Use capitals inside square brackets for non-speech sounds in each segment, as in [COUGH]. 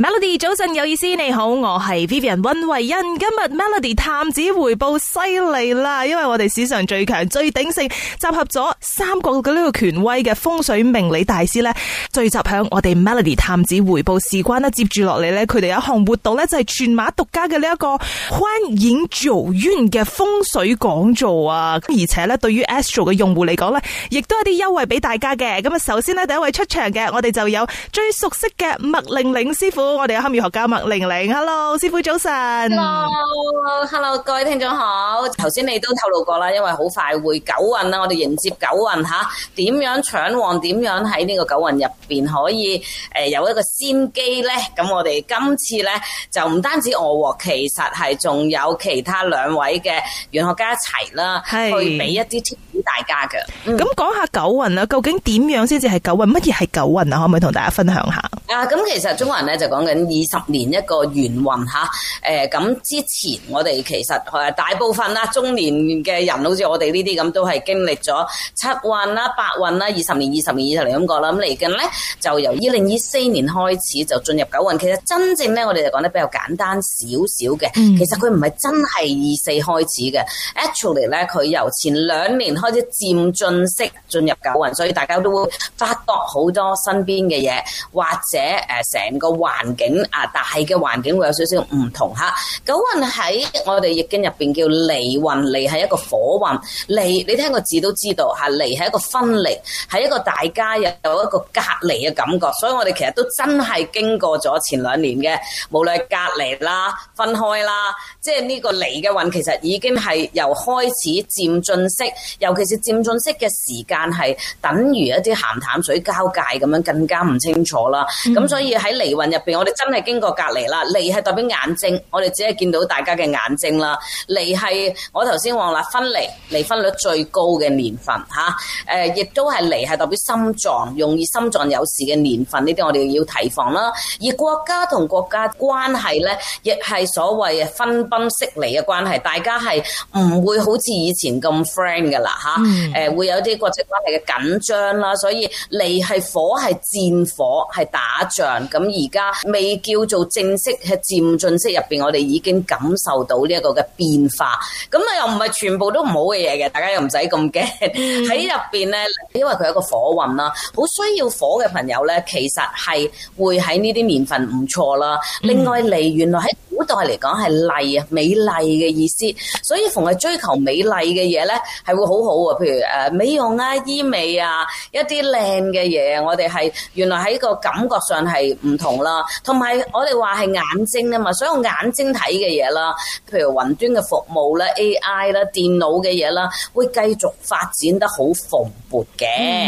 Melody 早晨有意思，你好，我係 Vivian 溫慧欣。今日 Melody 探子回報犀利啦，因為我哋史上最強、最鼎盛，集合咗三國嘅呢個權威嘅風水命理大師咧，聚集響我哋 Melody 探子回報。事關呢，接住落嚟咧，佢哋有一項活動咧，就係全馬獨家嘅呢一個歡贏九運嘅風水講座啊！而且咧，對於 Astro 嘅用戶嚟講咧，亦都有啲優惠俾大家嘅。咁啊，首先咧，第一位出場嘅，我哋就有最熟悉嘅麥玲玲師傅。好，我哋嘅堪輿學家麥玲玲，Hello，師傅早晨，Hello，Hello，Hello, 各位聽眾好。頭先你都透露過啦，因為好快會九運啦，我哋迎接九運吓，點樣搶旺？點樣喺呢個九運入邊可以誒、呃、有一個先機咧？咁我哋今次咧就唔單止我，其實係仲有其他兩位嘅玄學家一齊啦，是去俾一啲 tips 俾大家嘅。咁講、嗯、下九運啦，究竟點樣先至係九運？乜嘢係九運啊？可唔可以同大家分享下？啊，咁其實中國人咧就講緊二十年一個元運嚇，誒咁之前我哋其實誒大部分啦中年嘅人，好似我哋呢啲咁，都係經歷咗七運啦、八運啦、二十年、二十年、二十年咁過啦。咁嚟緊咧就由二零二四年開始就進入九運。其實真正咧我哋就講得比較簡單少少嘅，其實佢唔係真係二四開始嘅，actually 咧佢由前兩年開始漸進式進入九運，所以大家都會發覺好多身邊嘅嘢或者，嘅誒，成個環境啊，大嘅環境會有少少唔同吓。九運喺我哋易經入邊叫離運，離係一個火運，離你聽個字都知道吓，離係一個分離，係一個大家有有一個隔離嘅感覺。所以我哋其實都真係經過咗前兩年嘅，無論係隔離啦、分開啦，即係呢個離嘅運，其實已經係由開始漸進式，尤其是漸進式嘅時間係等於一啲鹹淡水交界咁樣，更加唔清楚啦。咁所以喺離運入邊，我哋真係經過隔離啦。離係代表眼睛，我哋只係見到大家嘅眼睛啦。離係我頭先話啦，分離、離婚率最高嘅年份吓誒，亦都係離，係代表心臟，容易心臟有事嘅年份，呢啲我哋要提防啦、啊。而國家同國家關係咧，亦係所謂分崩析離嘅關係，大家係唔會好似以前咁 friend 噶啦吓誒，會有啲國際關係嘅緊張啦、啊。所以離係火，係戰火，係打。咁而家未叫做正式係漸進式入邊，我哋已經感受到呢一個嘅變化。咁啊，又唔係全部都唔好嘅嘢嘅，大家又唔使咁驚。喺入邊咧，因為佢有一個火運啦，好需要火嘅朋友咧，其實係會喺呢啲年份唔錯啦。另外嚟，原來喺。古代嚟講係麗啊，美麗嘅意思。所以逢係追求美麗嘅嘢咧，係會好好喎。譬如誒美容啊、醫美啊、一啲靚嘅嘢，我哋係原來喺個感覺上係唔同啦。同埋我哋話係眼睛啊嘛，所以眼睛睇嘅嘢啦，譬如雲端嘅服務啦、啊、AI 啦、啊、電腦嘅嘢啦，會繼續發展得好蓬勃嘅、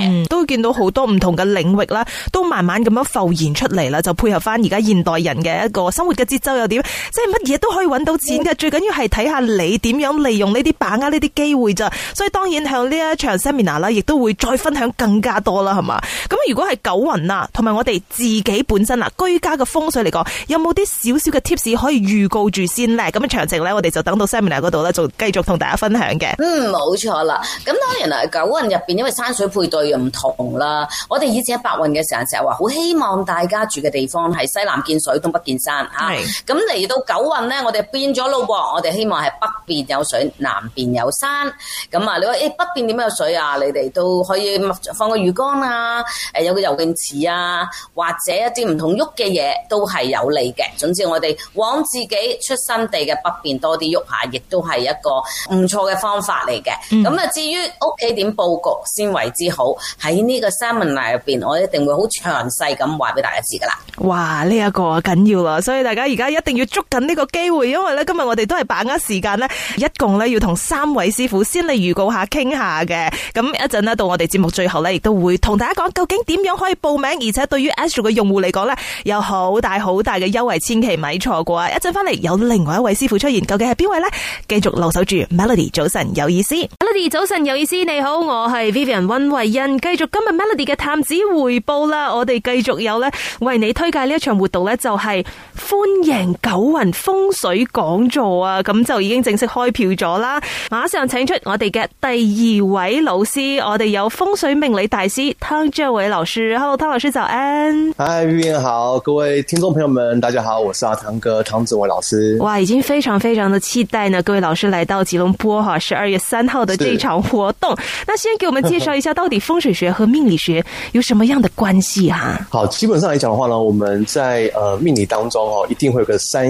嗯。都會見到好多唔同嘅領域啦，都慢慢咁樣浮現出嚟啦，就配合翻而家現代人嘅一個生活嘅節奏又點？即係乜嘢都可以揾到錢嘅，最緊要係睇下你點樣利用呢啲把握呢啲機會咋，所以當然向呢一場 seminar 啦，亦都會再分享更加多啦，係嘛？咁如果係九運啊，同埋我哋自己本身啊，居家嘅風水嚟講，有冇啲少少嘅 tips 可以預告住先呢？咁嘅詳情咧，我哋就等到 seminar 嗰度咧，就繼續同大家分享嘅。嗯，冇錯啦。咁當然啦，九運入邊因為山水配對又唔同啦。我哋以前喺八運嘅時候成日話，好希望大家住嘅地方係西南見水，東北見山的啊。咁到九運咧，我哋變咗咯噃，我哋希望係北邊有水，南邊有山。咁啊，你話誒北邊點有水啊？你哋都可以放個魚缸啊，誒有個游泳池啊，或者一啲唔同喐嘅嘢都係有利嘅。總之我哋往自己出生地嘅北邊多啲喐下，亦都係一個唔錯嘅方法嚟嘅。咁啊，至於屋企點佈局先為之好，喺呢個 seminar 入邊，我一定會好詳細咁話俾大家知噶啦。哇！呢一個緊要啦，所以大家而家一定要，捉緊呢個機會，因為咧今日我哋都係把握時間咧，一共咧要同三位師傅先嚟預告下傾下嘅。咁一陣咧到我哋節目最後呢亦都會同大家講究竟點樣可以報名，而且對於 Astro 嘅用戶嚟講呢有好大好大嘅優惠，千祈咪錯過啊！一陣翻嚟有另外一位師傅出現，究竟係邊位呢？繼續留守住 Melody 早晨有意思，Melody 早晨有意思，你好，我係 Vivian 溫慧欣，繼續今日 Melody 嘅探子回報啦。我哋繼續有呢為你推介呢一場活動呢，就係、是、歡贏九。九運風水講座啊，咁就已經正式開票咗啦。馬上請出我哋嘅第二位老師，我哋有風水命理大師湯鎮瑋老師。Hello，湯老師早安。嗨，玉燕好，各位聽眾朋友們，大家好，我是阿湯哥，湯鎮瑋老師。哇，已經非常非常的期待呢，各位老師來到吉隆坡哈，十二月三號的這場活動。是那先給我們介紹一下，到底風水學和命理學有什麼樣的關係啊？好，基本上來講的話呢，我們在誒、呃、命理當中哦，一定會有個三。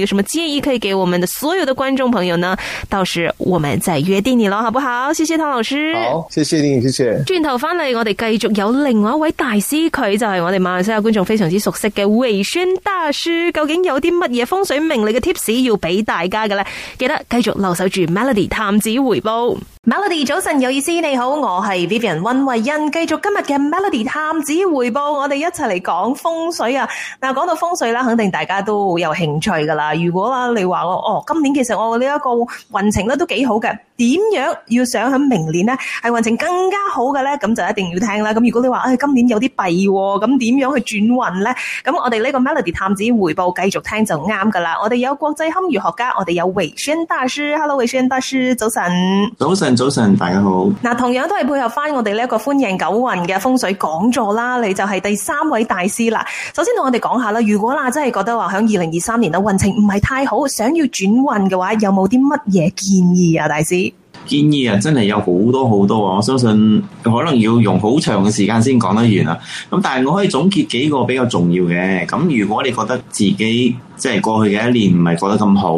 有什麼建議可以給我們的所有的觀眾朋友呢？到時我們再約定你咯，好不好？謝謝湯老師，好，謝謝你，謝謝。轉頭翻嚟，我哋繼續有另外一位大師，佢就係、是、我哋馬來西亞觀眾非常之熟悉嘅煒軒大師。究竟有啲乜嘢風水命理嘅 tips 要俾大家嘅咧？記得繼續留守住 Melody 探子回報。Melody 早晨有意思，你好，我係 Vivian 溫慧欣，繼續今日嘅 Melody 探子回報，我哋一齊嚟講風水啊！嗱，講到風水啦，肯定大家都有興趣㗎啦。如果你話我哦，今年其實我呢個運程都幾好嘅。點樣要想喺明年呢，係運程更加好嘅呢？咁就一定要聽啦。咁如果你話、哎、今年有啲弊、哦，咁點樣去轉運呢？咁我哋呢個 Melody 探子回報繼續聽就啱㗎啦。我哋有國際堪輿學家，我哋有煒軒大師。Hello，煒軒大師，早晨。早晨，早晨，大家好。嗱，同樣都係配合返我哋呢個歡贏九運嘅風水講座啦。你就係第三位大師啦。首先同我哋講下啦，如果啦真係覺得話喺二零二三年運程唔係太好，想要轉運嘅話，有冇啲乜嘢建議啊，大師？建議啊，真係有好多好多。我相信可能要用好長嘅時間先講得完啊。咁但係我可以總結幾個比較重要嘅。咁如果你覺得自己，即係過去嘅一年唔係過得咁好，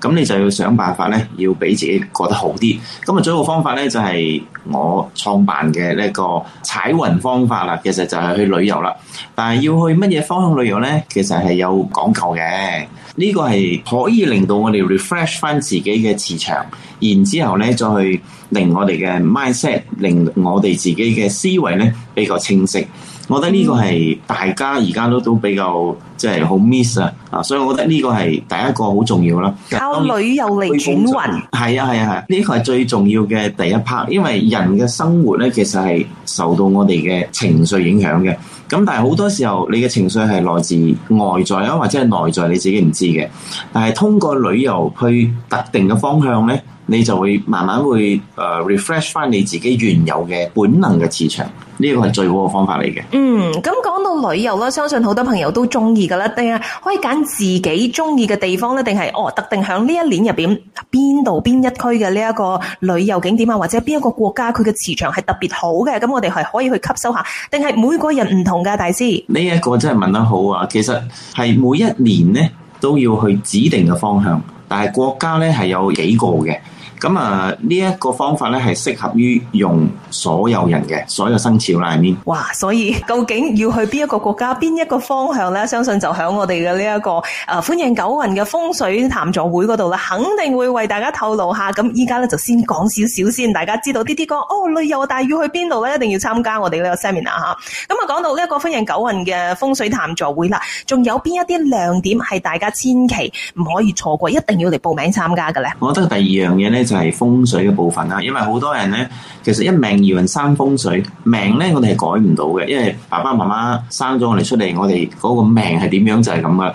咁你就要想辦法咧，要俾自己過得好啲。咁啊，最好方法咧就係我創辦嘅呢一個踩雲方法啦。其實就係去旅遊啦，但係要去乜嘢方向旅遊咧？其實係有講究嘅。呢個係可以令到我哋 refresh 返自己嘅磁場，然之後咧再去令我哋嘅 mindset，令我哋自己嘅思維咧比較清晰。我覺得呢個係大家而家都都比較即係好 miss 啊！啊，所以我覺得呢個係第一個好重要啦，靠旅遊嚟轉運，係啊係啊係，呢個係最重要嘅第一 part，因為人嘅生活咧其實係受到我哋嘅情緒影響嘅，咁但係好多時候你嘅情緒係來自外在啊，或者係內在你自己唔知嘅，但係通過旅遊去特定嘅方向咧。你就會慢慢會 refresh 翻你自己原有嘅本能嘅磁場，呢一個係最好嘅方法嚟嘅。嗯，咁講到旅遊啦，相信好多朋友都中意㗎啦。定係可以揀自己中意嘅地方咧，定係哦特定響呢一年入面邊度邊一區嘅呢一個旅遊景點啊，或者邊一個國家佢嘅磁場係特別好嘅，咁我哋係可以去吸收下。定係每個人唔同嘅，大師呢一個真係問得好啊！其實係每一年咧都要去指定嘅方向，但係國家咧係有幾個嘅。咁啊，呢一個方法咧，係適合於用。所有人嘅所有生肖啦，係咪？哇！所以究竟要去邊一個國家，邊一個方向咧？相信就響我哋嘅呢一個誒、呃，歡贏九運嘅風水談座會嗰度啦，肯定會為大家透露一下。咁依家咧就先講少少先，大家知道啲啲個哦旅遊，大要去邊度咧，一定要參加我哋呢個 seminar 吓。咁啊，講、嗯、到呢一個歡贏九運嘅風水談座會啦，仲有邊一啲亮點係大家千祈唔可以錯過，一定要嚟報名參加嘅咧？我覺得第二樣嘢咧就係、是、風水嘅部分啦，因為好多人咧其實一命。二運三風水命咧，我哋係改唔到嘅，因為爸爸媽媽生咗我哋出嚟，我哋嗰個命係點樣就係咁噶啦。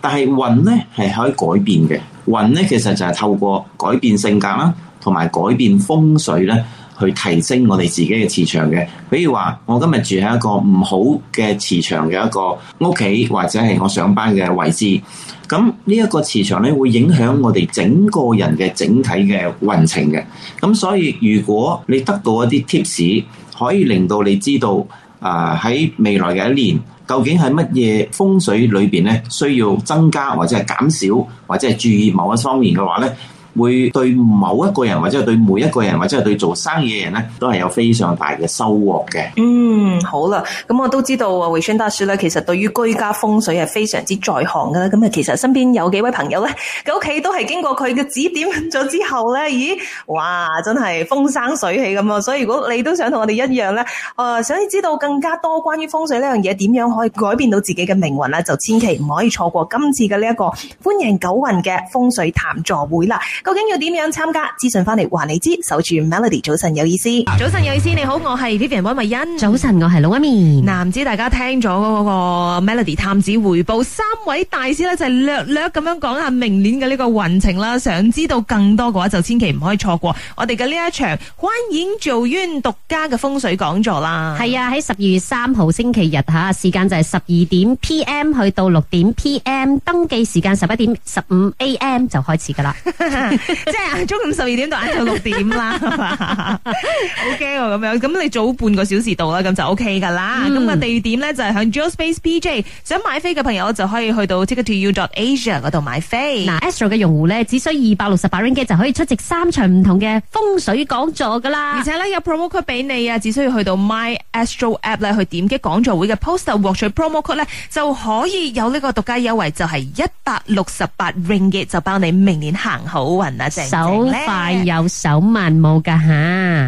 但係運咧係可以改變嘅，運咧其實就係透過改變性格啦，同埋改變風水咧，去提升我哋自己嘅磁場嘅，比如話，我今日住喺一個唔好嘅磁場嘅一個屋企，或者係我上班嘅位置，咁呢一個磁場咧，會影響我哋整個人嘅整體嘅運程嘅。咁所以，如果你得到一啲 tips，可以令到你知道，啊喺未來嘅一年，究竟係乜嘢風水裏邊咧，需要增加或者係減少或者係注意某一方面嘅話咧，會對某一個人，或者係對每一個人，或者係對做生意嘅人咧，都係有非常大嘅收穫嘅、嗯。嗯，好啦，咁我都知道啊，煒軒大師咧，其實對於居家風水係非常之在行噶啦。咁啊，其實身邊有幾位朋友咧，佢屋企都係經過佢嘅指點咗之後咧，咦，哇，真係風生水起咁啊！所以如果你都想同我哋一樣咧，啊、呃，想知道更加多關於風水呢樣嘢點樣可以改變到自己嘅命運咧，就千祈唔可以錯過今次嘅呢一個歡贏九運嘅風水談座會啦。究竟要點樣參加？資訊翻嚟還你知，守住 Melody 早晨有意思。早晨有意思，你好，我係 Vivian 溫慧欣。早晨，我係老阿咪。嗱，唔知大家聽咗嗰個 Melody 探子回報，三位大師咧就略略咁樣講下明年嘅呢個運程啦。想知道更多嘅話，就千祈唔可以錯過我哋嘅呢一場歡贏九運獨家嘅風水講座啦。係啊，喺十二月三號星期日吓，時間就係十二點 PM 去到六點 PM，登記時間十一點十五 AM 就開始噶啦。 [LAUGHS] 即係中午十二點到晏晝六點啦。O K，咁樣咁你早半個小時到啦，咁就 O K 噶啦。咁個、嗯、地點咧就喺、是、Jo Space P J，想買飛嘅朋友就可以去到 ticket to you dot asia 嗰度買飛。嗱、啊、Astro 嘅用戶咧，只需二百六十八 ringgit 就可以出席三場唔同嘅風水講座噶啦，而且咧有 promo code 俾你啊，只需要去到 my astro app 咧去點擊講座會嘅 poster 獲取 promo code 咧，就可以有呢個獨家優惠，就係、是、一百六十八 ringgit 就包你明年行好。嗯、正正手快有，手慢冇噶吓。